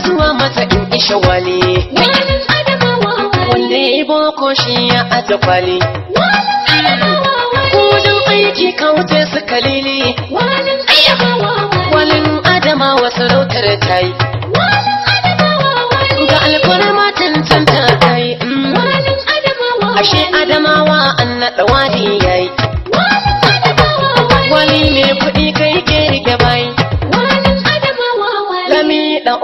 zuwa mata in isha wale Walin adamawa wale Wale boko shi ya aza kwali. Walin adamawa wale Kudin aiki kautar su kalili Walin adamawa wale Walin adamawa sarautar tayi Walin adamawa wale Ga alfarma tantanta tayi Walin mm. adamawa wale Ashe adamawa an naɗa ya.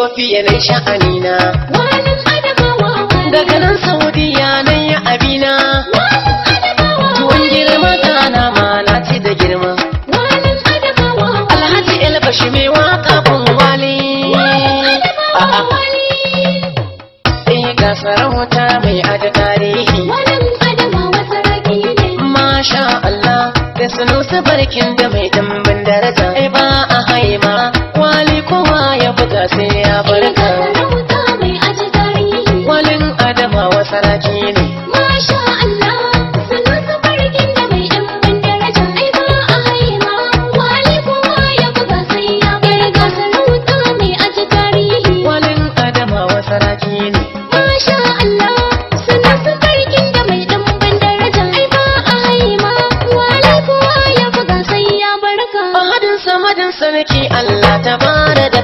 Ethiopia na sha'anina daga nan Saudiya nan ya abina tuwon girma ta nama na ce da girma Alhaji Elbashi mai waka wali eh gasa rahota mai ada tarihi Masha Allah da sunusa barkin da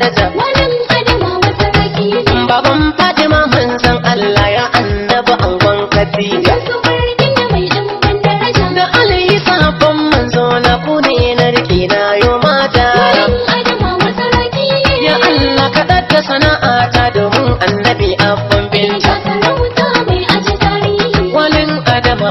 daraja wannan adama wata baban fatima manzon Allah ya annaba angon Khadija da alayi sabon manzo na kune na rike na ya Allah kaɗa ta sana'ata domin annabi abban binta walin adama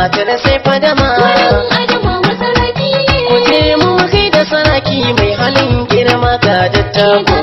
matar sai fadama ku je mu kai da saraki mai halin girma ga dattako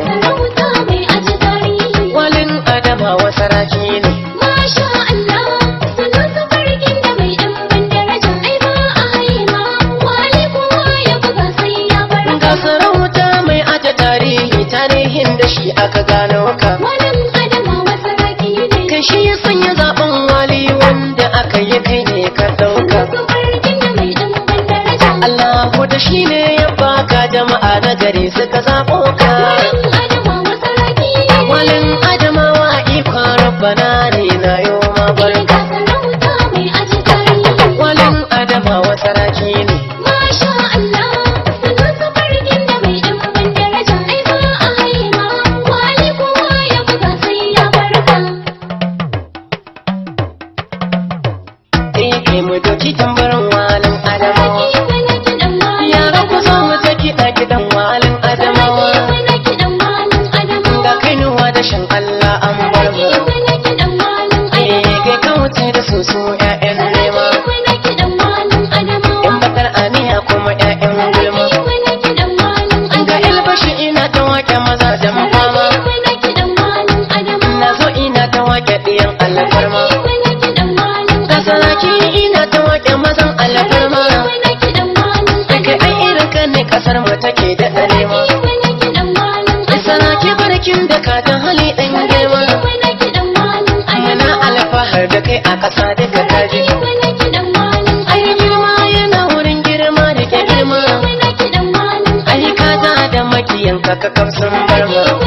to su ƴaƴan nema in bakar aniya kuma ƴaƴan gulma ga albashi ina ta wake mazajen fama na zo ina ta wake ɗiyan alfarma ga salaki ina ta wake mazan alfarma kai ai irin kan ne kasar mu take da alema salaki barkin da ka ta hali har da kai a ƙasa duka girma yana wurin girma da ke girma ai kaza da makiyanka ka kamsun barma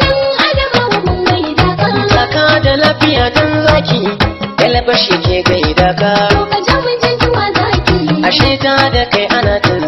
ka. ashe ta da kai ana ta